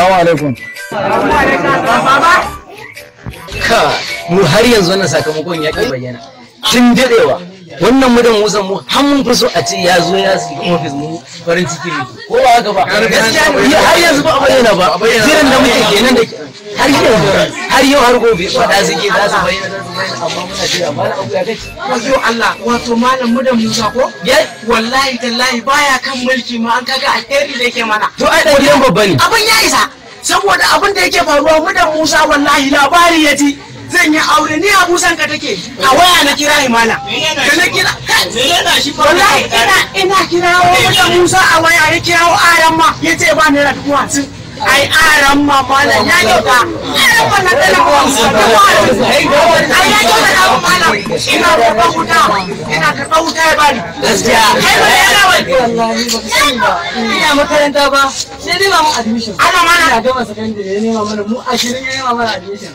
Salamu alaikum. Ka mu har yanzu wannan sakamakon ya ke bayyana. Tun dadewa wannan mudan musan mu har mun fi so a ce ya zo ya su office mu farin ciki ne. Ko ba haka ba. Gaskiya har yanzu ba a bayyana ba. Jiran da muke kenan da har yau har yau har gobe faɗa suke za su bayyana amma muna jira malam abu ya Allah wato malam mudan musa ko? Wallahi tallahi baya kan mulki ma an kaga alheri da yake mana. To ai dan gidan babba ne. Abin ya isa. saboda abin da yake faruwa mudan musa wallahi labari ya ji zan yi aure ni a musan ka take a waya na kira imana ka na kira wallahi ina ina kira mudan musa a waya ya kirawo aran ma ya ce ba na dubu hamsin ai aran ma malam ya kyauta aran ma na talaka ai ya kyauta ina karɓa ina ya bani ba yana wani wallahi ba ina makaranta ba sai dai mu admission ana mana ina gama sakandare ya nema mana mu ashirin ya nema mana admission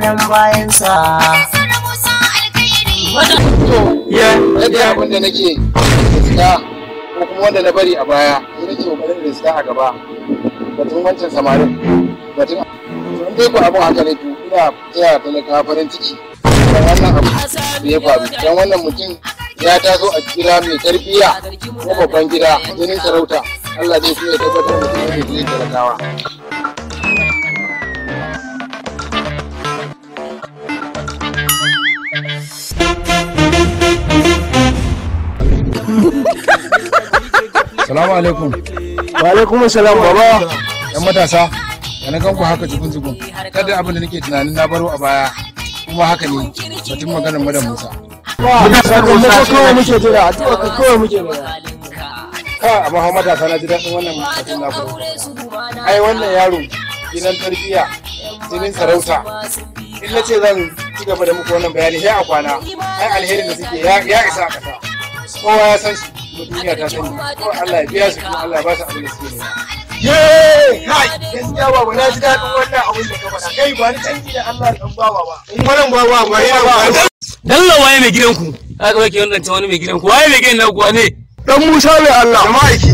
nan bayansa. To, ya ɗaya abin da nake riska ko kuma wanda na bari a baya, ni nake kokarin riska a gaba. Batun wancan samarin, batun in dai ku abin haka ne to ina taya talaka farin ciki. Dan wannan abu da ya faru, dan wannan mutum ya taso a gida mai tarbiyya ko babban gida jinin sarauta. Allah zai so ya tabbatar da kuma da talakawa. salamu alaikum wa alaikum salam baba yan matasa da kan ku haka jikun jikun kada abin da nake tunanin na baro a baya kuma haka ne batun maganar madan musa sakamako kawai muke jira addu'a ka kawai muke jira ka amma matasa na ji daɗin wannan batun na baro ai wannan yaro gidan tarbiyya jinin sarauta in na ce zan ci gaba da muku wannan bayani sai a kwana ai alherin da suke ya isa a ƙasa kowa ya san shi su ta ko Allah ya biya su kuma Allah ya ba su abin da suke ye kai gaskiya ba na ji daɗin wannan abin da ka faɗa kai ba ni canji da Allah ya ba baba in wannan ba ba ya ba dalla waye mai gidanku ka ga ke wannan ta wani mai gidanku waye mai gidan kuwa ne dan Musa mai Allah jama'a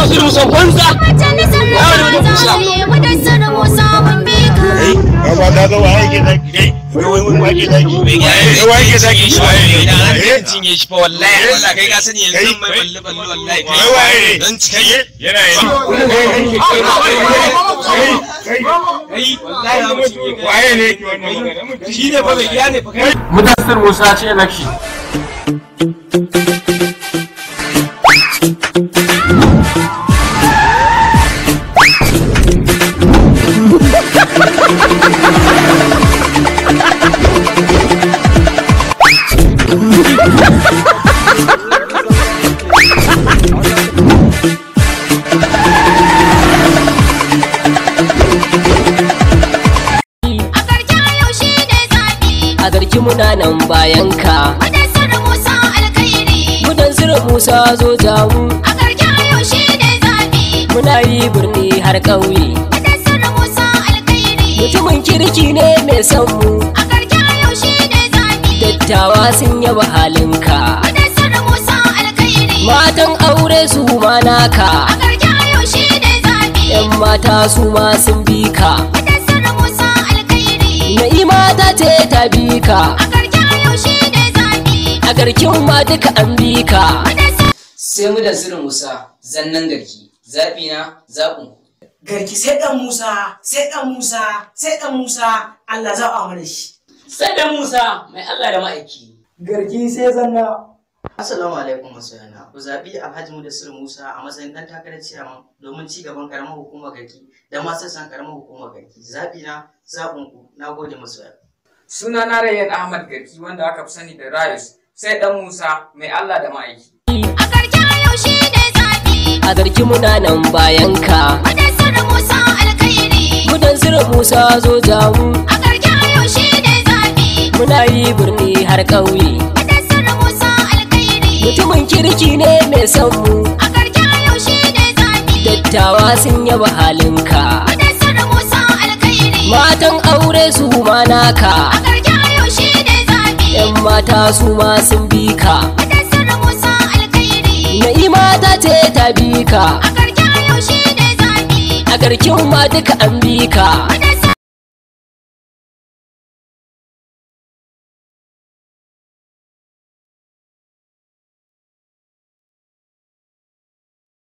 wasu musan banza yawa musa ce bayan ka Gudan sirri Musa alkhairi Gudan sirri Musa zo jamu A karki a yaushe ne zabi Muna yi birni har ƙauye Gudan sirri Musa alkhairi Mutumin kirki ne mai son mu A karki a yaushe ne zabi Dattawa sun yaba halinka Gudan sirri Musa alkhairi Matan aure su ma naka A karki a yaushe ne zabi Yan mata su ma sun bi ka Gudan sirri Musa alkhairi Na'ima ta ce ta bi ka A karki a garkin ma duka an bi ka sai mu da sirrin musa zannan garki zaɓi na zaɓin garki sai ɗan musa sai ɗan musa sai ɗan musa allah za a mana shi sai ɗan musa mai allah da ma'aiki garki sai zanna Assalamu alaikum masoyana. Ku zaɓi Alhaji Sir Musa a matsayin ɗan takarar ciyaman domin ci gaban karamar hukumar garki da ma sassan karamar hukumar garki. Zaɓi na zaɓin ku. Na gode masoya. Suna na Rayyan Ahmad Garki wanda aka fi sani da Rayus sai ɗan Musa mai Allah da ma'aiki. A garki a yau shi ne zaɓi. A garki muna nan bayan ka. Gudan sirrin Musa alkairi. Mudan sirrin Musa zo mu. A garki a yau shi ne zaɓi. Muna yi birni har ƙauye. Mudan sirrin Musa alkairi. Mutumin kirki ne mai son mu. A garki a yau shi ne zaɓi. Dattawa sun yaba halinka. Mudan sirrin Musa alkairi. Matan aure su ma naka. A 'yan mata su ma sun bi ka Na'ima ta ce ta bi ka A karkin yaushe ne zabi A karkin ma duka an bi ka